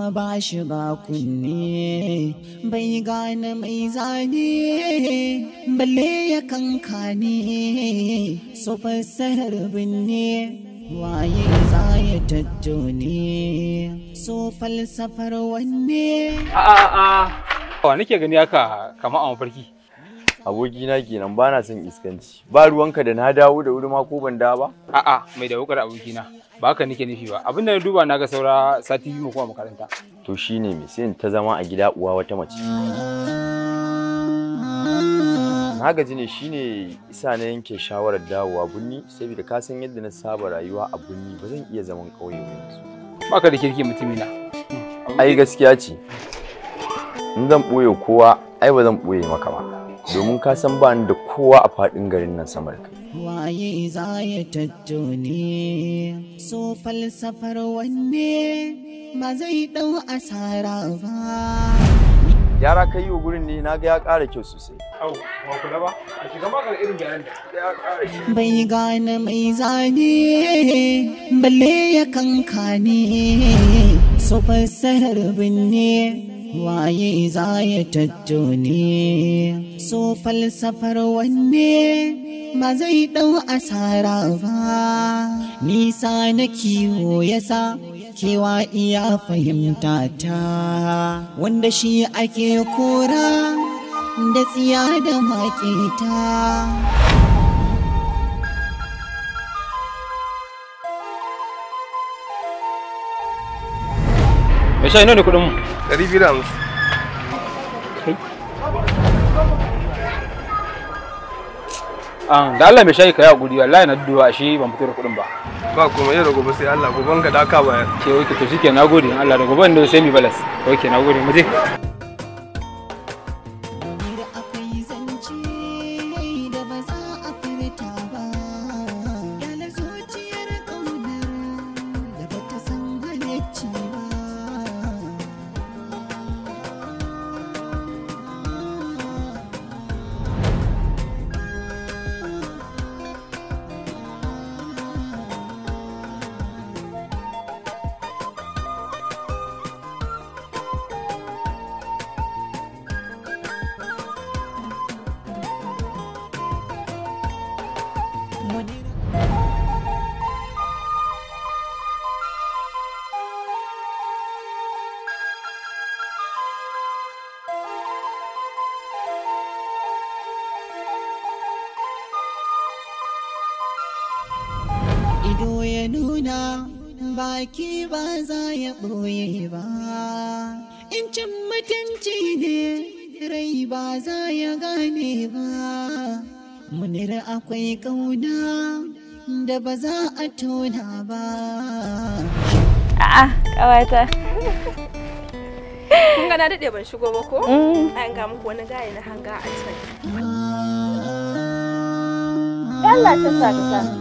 kuma ba shi ba kunne bai gane mai zane balle ya kankane su fassarar binne waye za ya tattone falsafar wanne a a a wa nake gani haka kamar a mafarki abokina kenan bana son iskanci ba ruwanka da na dawo da wuri ma ko ban dawo ba a'a mai da wukar abokina ba haka nake nufi ba abin da na duba na ga saura sati biyu kuma makaranta to shine me sai ta zama a gida uwa wata mace na gaji ne shine isa na yanke shawarar dawowa bunni saboda ka san yadda na saba rayuwa a bunni ba zan iya zaman ƙauye ba yanzu baka da kirki mutumina ai gaskiya ce in zan ɓoye kowa ai ba zan ɓoye maka ba domin ka san ba da kowa a faɗin garin nan samar kai. Waye za ya tattone so falsafar wanne ba zai ɗau asara ba. Yara kai yi wa gurin ne na ga ya ƙara kyau sosai. Au, ba kula ba, a shiga makar irin gyaran da ya ƙara kyau. Bai gane mai zane, balle ya kankane, so falsafar binne. waye za ya tattone so falsafar wanne ba zai dau asara ba nisa na kiwo yasa kewa iya fahimta ta wanda shi ake kora da tsiya da maƙeta. Isha ina ne kuɗin mu? Ɗari Ah, da hamsin. Ah, da Allah mai shayi ka yi hakuri wallahi na shi ban fito da ba ba kuma yau da ba sai Allah gobe ka daka bayar ke oke to shike nagode Allah da gobe inda sai mi balas oke nagode mu je juna baki ba za ya ɓoye ba in cin mutunci ne rai ba za ya gane ba munira akwai ƙauna da ba za a tona ba a'a kawata kun gana daɗe ban shigo ba ko mm. an ga muku wani gaya na hanga a can Allah ta sa ta sa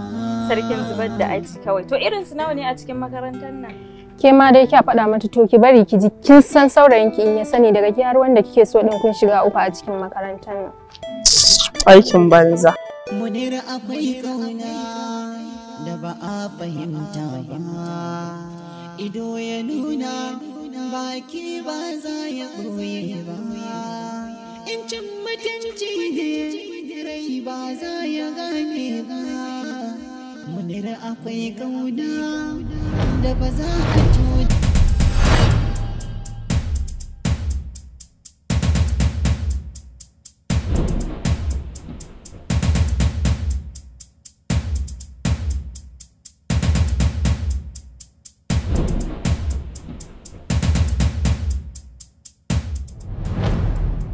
sarkin zubar da aiki kawai. To irin su nawa ne a cikin makarantar nan? Ke ma dai kya faɗa mata to ki bari ki ji kin san saurayin ki in ya sani daga ki har wanda kike so din kun shiga uku a cikin makarantar nan. Aikin banza. Munir akwai kauna da ba a fahimta ba. Ido ya nuna baki ba za ya ɓoye ba. In cin mutunci ne rai ba za ya gane ba. munira akwai kauna da ba za a cuta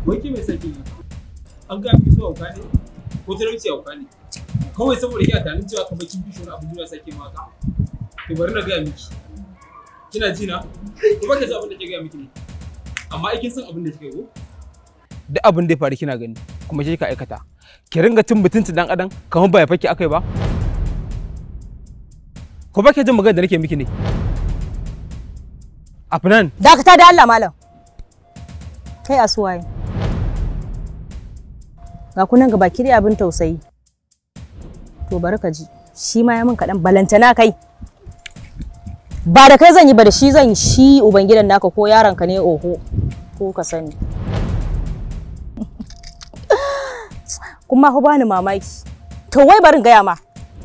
Wai ke mai saki an gafi so auka ne? Ko talauci auka ne? kawai saboda kina tunanin cewa kamar kin fi wani abu duniya sake maka to bari na gaya miki kina ji na kuma ka san abin da ke gaya miki ne amma ai kin san abin da kike go duk abin da ya faru kina gani kuma ke ka aikata ki ringa cin mutunci dan adam kamar ba ya fake akai ba ko ba ke jin magana da nake miki ne afnan dakata da Allah malam kai asuwaye ga kunan ga bakiri abin tausayi to bari ka ji shi ma ya min kaɗan balantana kai ba da kai zan yi ba da shi zan yi shi ubangidan naka ko yaronka ne oho ko ka sani kuma ku bani mamaki to wai barin gaya ma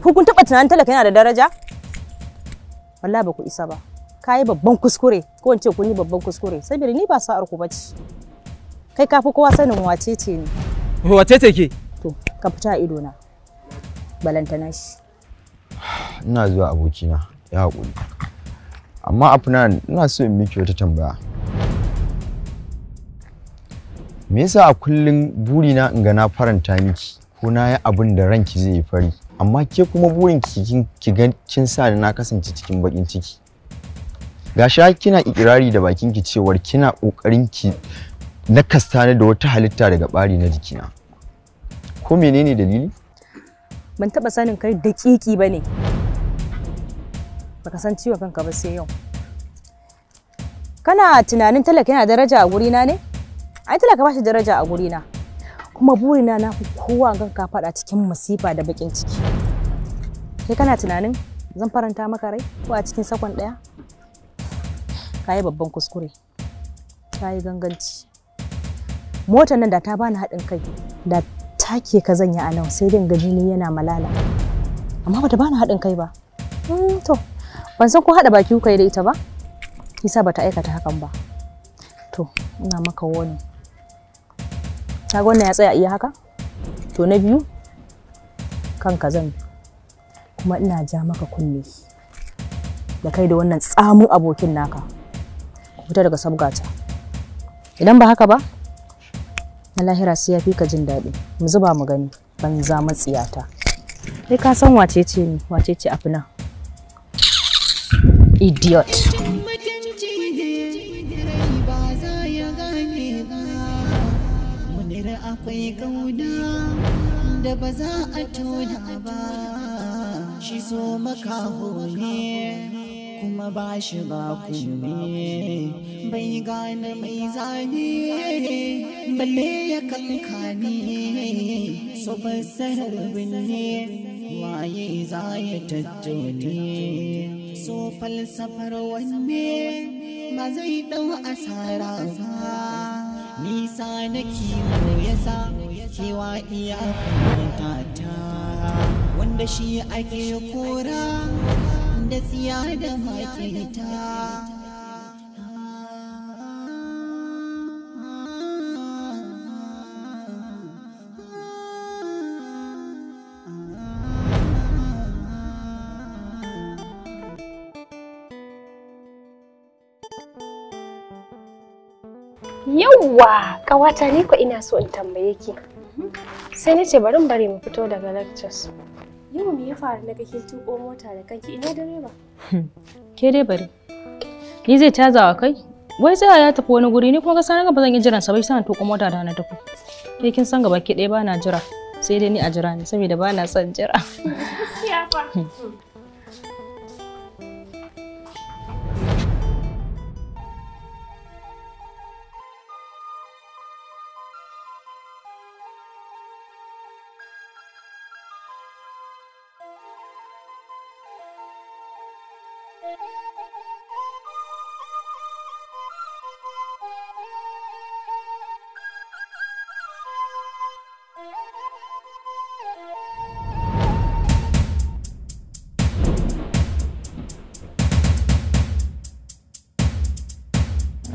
kun taɓa tunanin talaka yana da daraja wallahi ba ku isa ba ka babban kuskure ko in ce kun babban kuskure saboda ni ba sa'ar ku bace kai ka kowa sanin wace ce ni wace ce ke to ka fita a ido na balantana shi ina zuwa abokina ya haƙuri amma afnan ina so in miki wata tambaya me yasa a kullum burina in ga na faranta miki ko na yi abin da ranki zai yi fari amma ke kuma burin ki ga kin sa da na kasance cikin bakin ciki gashi kina ikirari da bakin ki cewar kina kokarin ki na kastane da wata halitta daga ɓari na jikina ko menene dalili ban taba sanin kai daƙiƙi ba ne baka san ciwon kanka ba sai yau kana tunanin talaka yana daraja a gurina ne ai talaka ba shi daraja a gurina kuma burina na fi kowa gan ka faɗa cikin masifa da bakin ciki kai kana tunanin zan faranta maka rai ko a cikin sakon ɗaya ka babban kuskure ka ganganci motar nan da ta bani haɗin kai da take ka zanya a nan sai dai ga jini yana malala amma bata bani haɗin kai ba hmm, to ban san ko haɗa baki kuka yi da ita ba kisa bata aikata hakan ba to ina maka wani ga wannan ya tsaya iya haka to na biyu kanka zan kuma ina ja maka kunne da kai da wannan tsamin abokin naka ku fita daga sabgata idan ba haka ba na lahira sai ya fi ka jin daɗi mu zuba mu gani ban za ta. kai ka san wace ce ni wace ce afina idiot akwai kauna da ba za a tona ba shi so maka hore kuma ba shi ba kunne bai gane mai zane balle ya kankane so ba binne waye za ya tattone so falsafar wanne ba zai dau asara ba nisa na kimo ya sa kewa iya fahimta ta wanda shi ake kora da tsiya da yawwa ƙawata ni ko ina so in tambaye ki mhm. sai nace bari bari mu fito daga lectures Yau me ya faru na kake tuko mota da kanki ina direba? Hmm, ke dai bari. Ni zai caza wa kai? Wai sai ya tafi wani guri ne kuma ga sanin ba zan yi jiran sa bai san tuko mota da na tafi. Ke kin san gaba ke dai ba na jira. Sai dai ni a jira ne saboda ba na son jira. Gaskiya fa. Hmm. Hmm.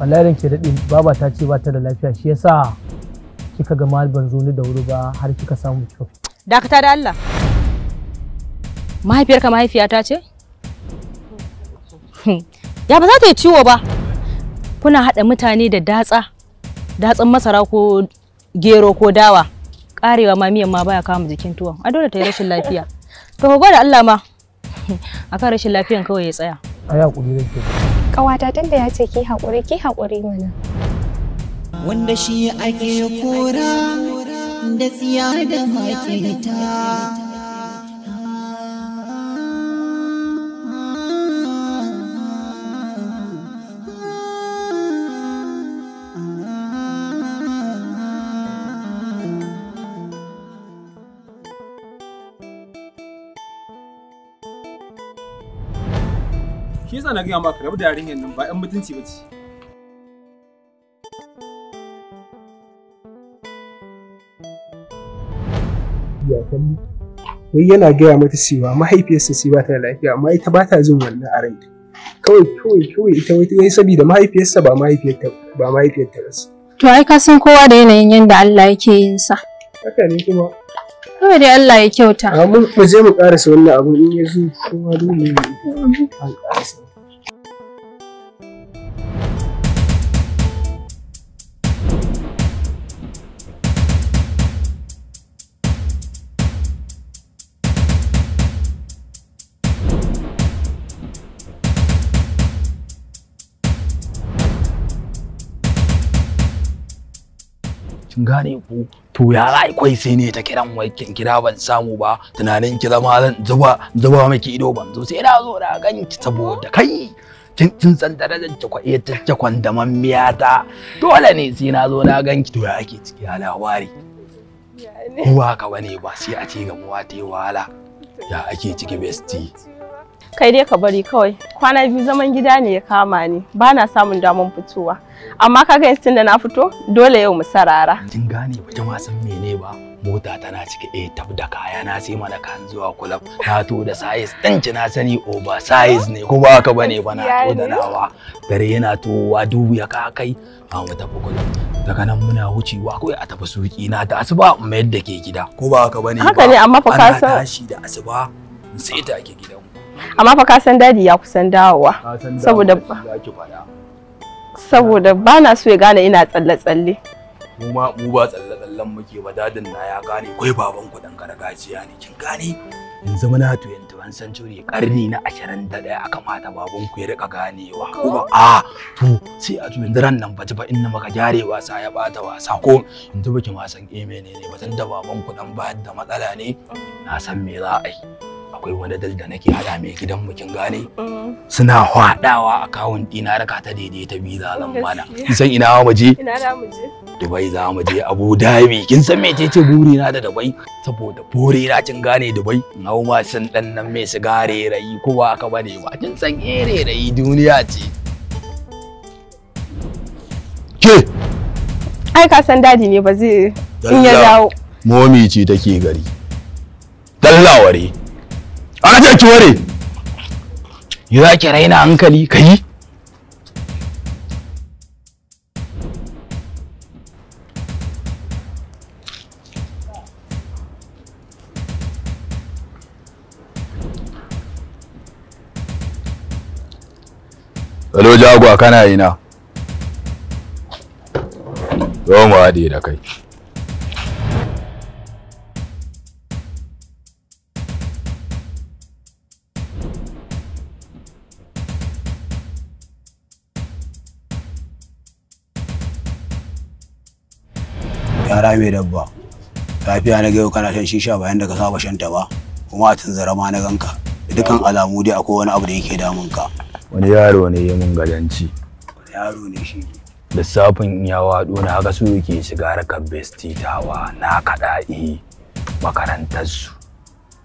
wallahi ke daɗi baba ta ce ba ta da lafiya shi yasa kika ga mal ban zo ni da wuri ba har kika samu kyau dakata da Allah mahaifiyata ce hmm. ya ba za ta yi ciwo ba kuna haɗa mutane da datsa datsan masara ko gero ko dawa karewa ma miyan ma baya kama jikin tuwon a dole ta yi rashin lafiya to ba da Allah ma akan rashin lafiyan kawai ya tsaya a hakuri da Ƙawata tunda ya ce ki haƙuri ki haƙuri mana. Wanda shi ake kora da tsiya da makita. yasa na gaya maka rabu da yarinyar nan ba 'yan mutunci ba ce. Wai yana gaya mata cewa mahaifiyarsa ce ba ta da lafiya amma ita ba ta jin wannan a ranta. Kawai kawai kawai ita wai sabida mahaifiyarsa ba mahaifiyarta ba mahaifiyarta ba ce. To ai ka san kowa da yanayin yadda Allah yake yin sa. Haka ne kuma. Kawai dai Allah ya kyauta. Amin mu je mu karasa wannan abu in ya zo kowa dole ne. An karasa. gane ku to ya rai kai sai ne ta kiran wai kin kira ban samu ba tunanin ki zama zan zuba zuba miki ido ban zo sai na zo da ganki saboda kai kin kin san darajar ki kwaye ta eh, da mammiya ta dole ne sai na zo na ganki to ya ake ciki a labari uwa ka bane ba sai a ce ga muwa ta yi ya ake ciki bestie kai dai ka bari kawai kwana biyu zaman gida ne ya kama ni ba na samun damar fitowa amma ga yanzu da na fito dole yau mu sarara kin gane ba jama'a san mene ba mota tana cike eh tab da kaya na sai mana kan zuwa kulab na to da size din na sani over size ne ko ba ka bane ba na to da nawa dare yana towa dubu ya ka kai ba mu tafi kulab daga nan muna wucewa kawai a tafi suki na da asuba mu yadda ke gida ko ba ka bane ba haka ne amma fa ka san tashi da asuba sai ta ke gida amma fa ka san dadi ya kusan dawowa saboda saboda ba na so ya gane ina tsalle-tsalle mu ma mu ba tsalle-tsallen muke ba dadin na ya gane kai baban ku dan gargajiya ne kin gane yanzu na to yanzu an san karni na 21 a kamata baban ku ya rika ganewa ko ba a to sai a tuyin ran nan ji ba inna maka jarewa wasa ya bata wasa ko yanzu baki ma san eh menene ba da baban ku dan bayar da matsala ne na san me za a yi akwai wani dal da nake hada mai gidan mu kin gane mm. suna hwadawa akawun dina raka ta daidai ta biza zan bana san ina mu je ina za muje Dubai za mu je Abu Dhabi kin san me ce buri na da Dubai saboda bore na kin gane Dubai nau ma san dan nan mai sigare rai ko ba aka bane ba kin san eh, ere rai duniya ce ke ai ka san dadi ne ba zai in ya dawo momi ce take gari dallaware aja ce ki ware. Yi za ki raina hankali ka yi? Salo jagwa kana ina. Zo mu haɗe da kai. yara mai dabba lafiya na gayo kana shan shisha bayan da ka saba shan ta ba kuma a tunzara ma na ganka dukan alamu dai akwai wani abu da yake damun ka wani yaro ne ya mun gadanci yaro ne shi lissafin ya waɗo na haka su yake shiga harkar besti tawa na kaɗa'i makarantarsu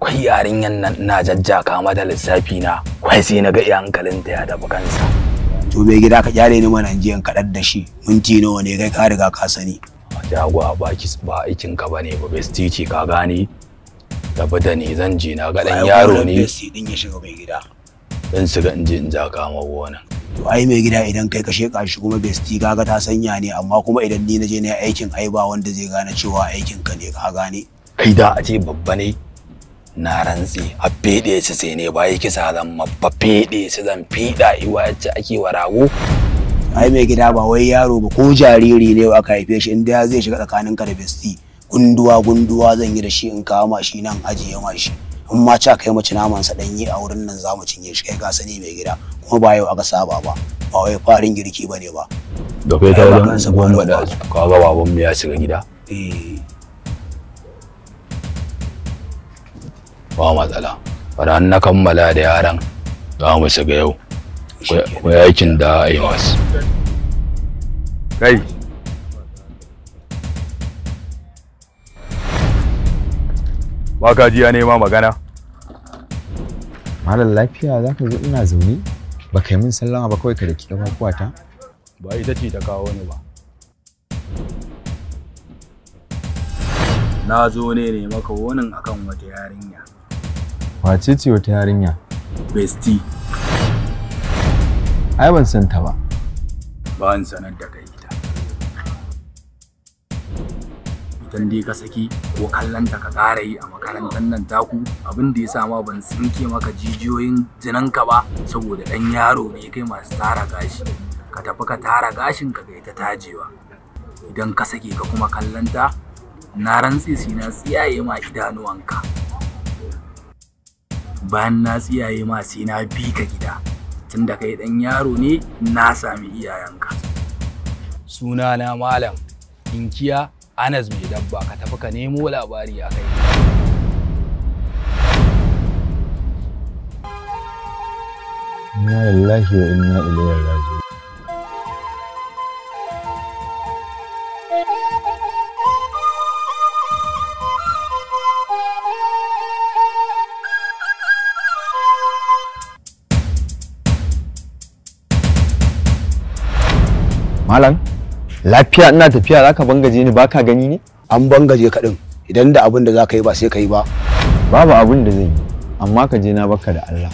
kwai yarinyar nan na jajjaka mata lissafi na kwai sai na ga iya ta ya tafi kansa to mai gida ka kyale ni mana jiyan kaɗar da shi minti nawa ne kai ka riga ka sani shago a baki ba aikin ka bane ba besti ce ka gane da ni zan je na ga dan yaro ne besti din ya shiga mai gida dan su ga inji in ja kama gona. to ai mai gida idan kai ka sheka shi kuma besti kaga ta sanya ne amma kuma idan ni naje na aikin ai ba wanda zai gane cewa aikin ka ne ka gane kai da a ce babba ne na rantsi a fede su sai ne ba yi kisa zan mabba feɗe su zan fiɗa iwa yacce ake warago. ai mai gida ba wai yaro ba ko jariri ne aka haife shi inda zai shiga tsakanin ka da besti gunduwa gunduwa zan yi da shi in kawo shi nan ajiye shi in ma ca kai mace naman sa danye a wurin nan zamu cinye shi kai ka sani mai gida kuma ba yau aka saba ba ba wai farin girki bane ba da kai ta wajen gwamba da ka ga baban mu ya shiga gida eh. ba matsala bari na kammala da yaran za mu shiga yau ku yakin da a yi masu kai ba ka ji ya nema magana malam lafiya za ka zo ina zaune ba yi min sallama ba kawai ka da kiɗa ta ba ita ce ta kawo ni ba na zo ne ne maka wonin akan wata yarinya wace ce wata yarinya bestie ai ban san ta ba ba an sanar da kai ita idan dai ka saki ko kallon ta ka ƙara yi a makarantar nan taku abin da ya sa ma ban tsinke maka jijiyoyin ka ba saboda ɗan yaro ne kai masu tara gashi ka tafi ka tara gashin ka ga ita tajewa idan ka sake ka kuma kallon ta na rantse si na tsiyaye ma idanuwanka bayan na tsiyaye ma sai na bi ka gida tun da kai dan yaro ne na sami iyayenka suna na malam inkiya anas mai dabba ka tafi ka nemo labari a kai inna lillahi wa inna ilaihi raji'un malam lafiya ina tafiya ka bangaje ni baka gani ne an bangaje ka din idan da abin da ka yi ba sai ka yi ba babu abin da zan yi amma ka je na baka da Allah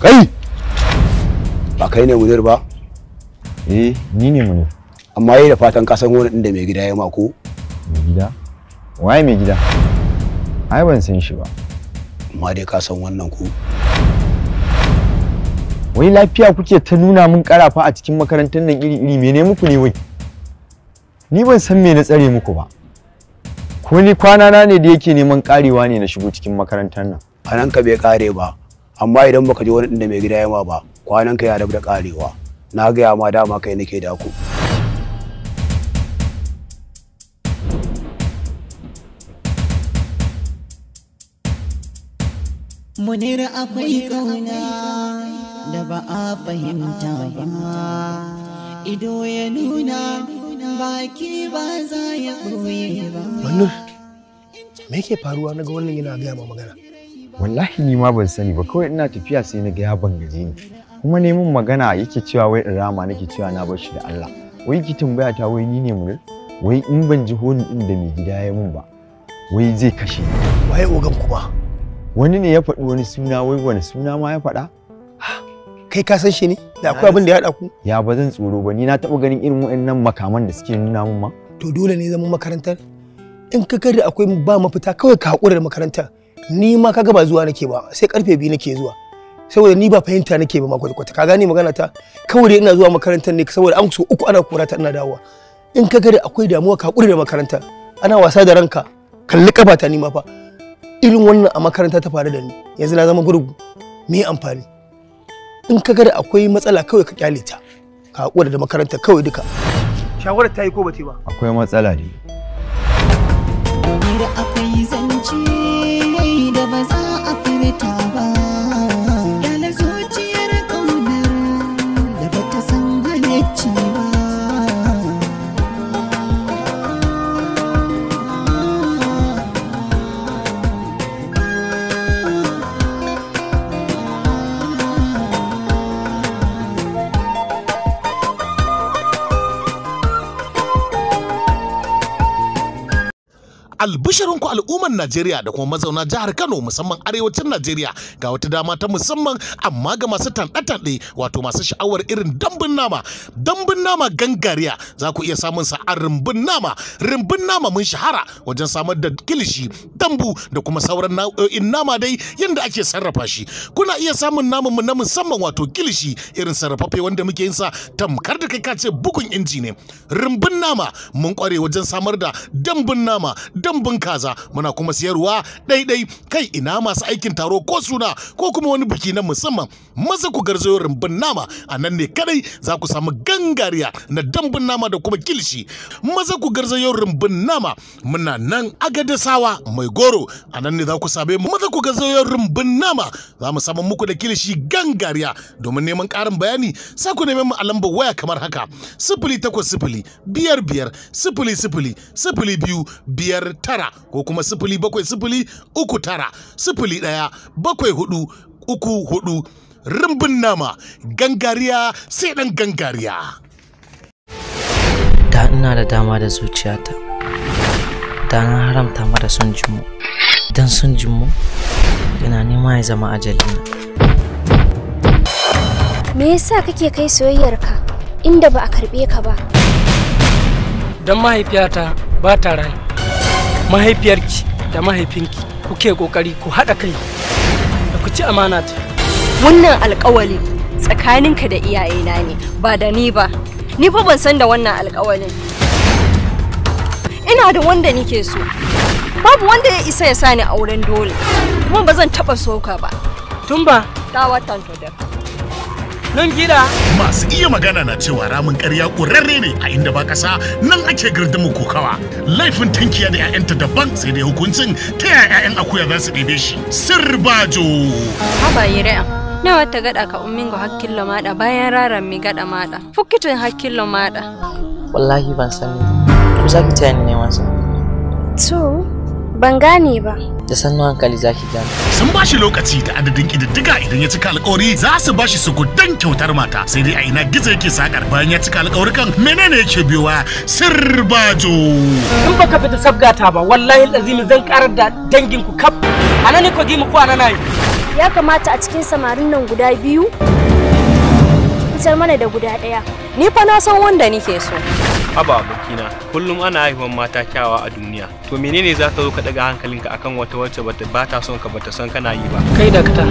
kai ba kai ne munir ba eh ni ne munir amma yayi da fatan ka san wani din da mai gida ya mako mai gida waye mai gida ai ban san shi ba amma dai ka san wannan ku wai lafiya kuke ta nuna min karafa a cikin makarantar nan iri-iri mene muku ne wai ni ban san me na tsare muku ba ko ni kwana na ne da yake neman karewa ne na shigo cikin makarantar nan a nan ka bai kare ba amma idan baka je wani da mai gida yama ba kwanan ka ya rabu da karewa na ya ma dama kai nake da ku munir akwai kauna da ba a fahimta ba ido ya nuna baki ba za ya ɓoye ba wannan me ke faruwa na ga wannan yana gaya ma magana wallahi ni ma ban sani ba kawai ina tafiya sai na gaya ban bangaje ni kuma neman magana yake cewa wai rama nake cewa na bar shi da Allah wai ki tambaya ta wai ni ne munir wai in ban ji honin inda mai gida ya mun ba wai zai kashe ni waye ogan kuma wani ne ya faɗi wani suna wai wani suna ma ya faɗa kai ka san shi ne da akwai abin da ya haɗa ku ya ba zan tsoro ba ni na taɓa ganin irin waɗannan makaman da suke nuna min ma to dole ne zaman makarantar in ka da akwai ba mafita kawai ka haƙura da makarantar ni ma kaga ba zuwa nake ba sai karfe biyu nake zuwa saboda ni ba fahimta nake ba ma kwata ka gane magana ta kawai da ina zuwa makarantar ne saboda an so uku ana kura ta ina dawowa in ka da akwai damuwa ka haƙura da makarantar ana wasa da ranka kalli ta ni ma fa irin wannan a makaranta ta faru da ni yanzu na zama gurgu me amfani in ka ga da akwai matsala kawai ka kyale ta ka hakura da makaranta kawai duka shawarar ta yi ko bace ba akwai matsala ne da akwai zance da ba za a furta ba ku al'ummar Najeriya da kuma mazauna jihar Kano musamman arewacin Najeriya ga wata dama ta musamman amma ga masu tanɗe-tanɗe wato masu sha'awar irin dambun nama dambun nama gangariya za ku iya samun sa a rumbun nama rumbun nama mun shahara wajen samar da kilishi dambu da kuma sauran nau'o'in nama dai yadda ake sarrafa shi kuna iya samun naman mu na musamman wato kilishi irin sarrafaffe wanda muke yin sa tamkar da kai ka ce bugun inji ne rumbun nama mun kware wajen samar da dambun nama dambun kambun kaza muna kuma siyarwa daidai kai ina masu aikin taro ko suna ko kuma wani biki na musamman maza ku garzayo rumbun nama a nan ne kadai za ku samu gangariya na dambun nama da kuma kilishi maza ku garzayo rumbun nama muna nan agadasawa mai goro a nan ne za ku same mu maza ku garzayo rumbun nama za mu samu muku da kilishi gangariya domin neman ƙarin bayani sa ku neman mu a lambar waya kamar haka sifili takwas sifili biyar biyar sifili sifili sifili biyu biyar tara ko kuma sifili bakwai sifili uku tara sifili ɗaya bakwai hudu uku hudu rumbin nama gangariya sai ɗan gangariya. Da ina da dama da zuciyata, da na haramta mara son jimu, don son jimu, yana nema ya zama na. Me yasa kake kai soyayyarka inda ba a karɓe ka ba? Don mahaifiyata ba ta rai. mahaifiyarki da mahaifinki kuke kokari ku haɗa kai da ku ci amana ta wannan alkawali tsakaninka da iyayena ne ba da ni ba ni fa ban san da wannan alkawalin ina da wanda nike so babu wanda ya isa ya ni auren dole kuma ba zan taɓa soka ba tun ba ta watan to da Nan gida. Masu iya magana na cewa ramin ƙarya ƙurarre ne a inda ba kasa nan ake girdimin kokawa. Laifin tankiya da 'ya'yanta daban sai dai hukuncin ta yaya 'ya'yan akuya za su ɗebe shi. Sirbajo. Haba yi na wata gada ka ga hakkin maɗa bayan raran mi gada maɗa fukkitin hakkin maɗa wallahi ban sani ku zaki tayani ne sa to Ban gane ba. Da sannu hankali za ki gane. Sun ba shi lokaci da adadin ƙididdiga idan ya cika alƙawari za su ba shi sukudan kyautar mata. Sai dai a ina gizo yake sakar bayan ya cika alƙawarikan menene yake biyowa sirbajo. In ka fita sabgata ba wallahi lazimi zan karar da danginku kaf. Ana ne ko gimi ko ana nayi. Ya kamata a cikin samarin nan guda biyu. Fitar mana da guda ɗaya. Ni fa na san wanda nike so. haba abokina kullum ana haihuwan mata kyawa a duniya to menene za ka zo ka daga hankalinka akan wata wacce bata ta son ka bata son kana yi ba kai dakta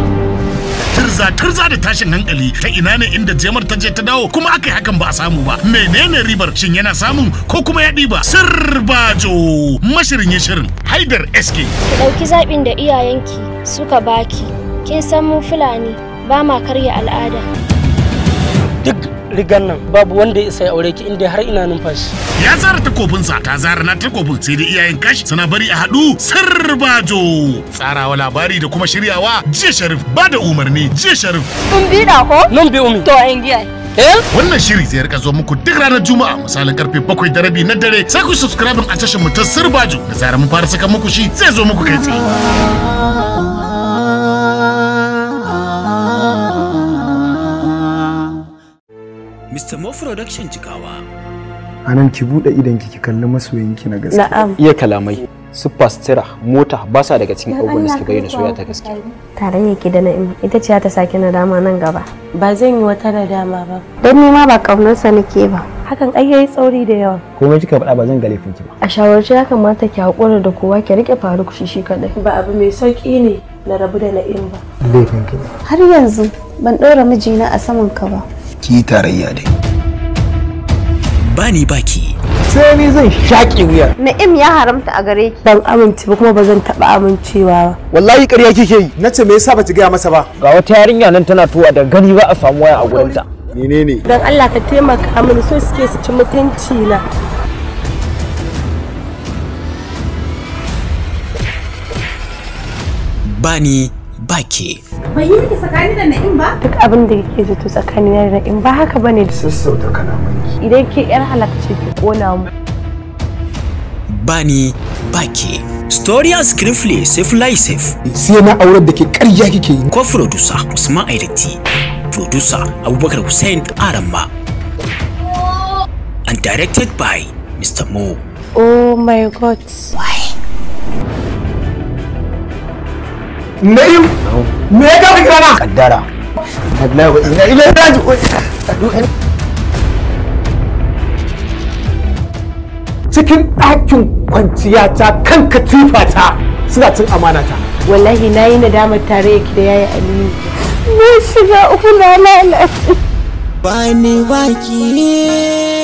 turza turza da tashin hankali ta ina ne inda jemar ta je ta dawo kuma aka yi hakan ba a samu ba menene ribar shin yana samun ko kuma ya ɗiba sirbajo mashirin ya shirin haidar sk ki ɗauki zaɓin da iyayenki suka baki kin san mu fulani ba ma karya al'ada duk rigan nan babu wanda ya isa aure ki inda har ina numfashi ya zara takobinsa ta zara na takobin sai da iyayen kashi sana bari a haɗu sarbajo tsarawa labari da kuma shiryawa jiya sharif ba da umarni jiya sharif kun bi da ko nun bi umi to in giya eh? Wannan shiri zai rika zo muku duk ranar Juma'a misalin karfe bakwai da rabi na dare sai ku subscribe a tashin mu ta Sirbajo da zarar mun fara saka muku shi zai zo muku kai tsaye. Mr. Mo Production Jigawa. Anan ki buɗe idan ki kalli masoyinki na gaske. Na'am. Iya kalamai. mota ba sa daga cikin abubuwan da suka bayyana soyayya ta gaske. Tarayyar ki da na'im ita ce ta saki nadama nan gaba. Ba zan yi wata nadama ba. Don ni ma ba kaunarsa nake ba. Hakan ai yayi tsauri da yawa. Komai kika faɗa ba zan ga laifin ki ba. A shawarce ya kamata ki haƙura da kowa ki rike faru shi shi kaɗai. Ba abu mai sauƙi ne na rabu da na'im ba. Har yanzu ban ɗora mijina a saman ka ba. ki tarayya dai bani baki sai ni zan shaƙe wuya na'im ya haramta a gare ki ban amince ba kuma ba zan taɓa amincewa ba wallahi ƙarya kike yi Nace ce me yasa ba ki gaya masa ba ga wata yarinya nan tana tuwa da gani ba a samu waya a gurinta menene dan Allah ka taimaka mini so suke su ci mutunci na bani baki bai yi ki tsakani da na'im ba duk abin da kike zato tsakani da na'im ba haka bane sassauta kalamanki idan ke yar halakci ki kona mu bani baki Storia Screenplay Safe Life Safe. Sai na aurar da ke ƙarya kike yi. Ko producer Usman Aidati. Producer Abubakar Hussein Aramba. And directed by Mr. Mo. Oh my god. Why? Na'im? Me ya kafa kirana? Kaddara. Wallahi wa inna ilaihi raji'un. Cikin ɗakin kwanciyata kan katifa ta suna cin amana ta. Wallahi na yi nadamar tare ki da yayi Aliyu. ne shiga uku na lalace. Bani baki.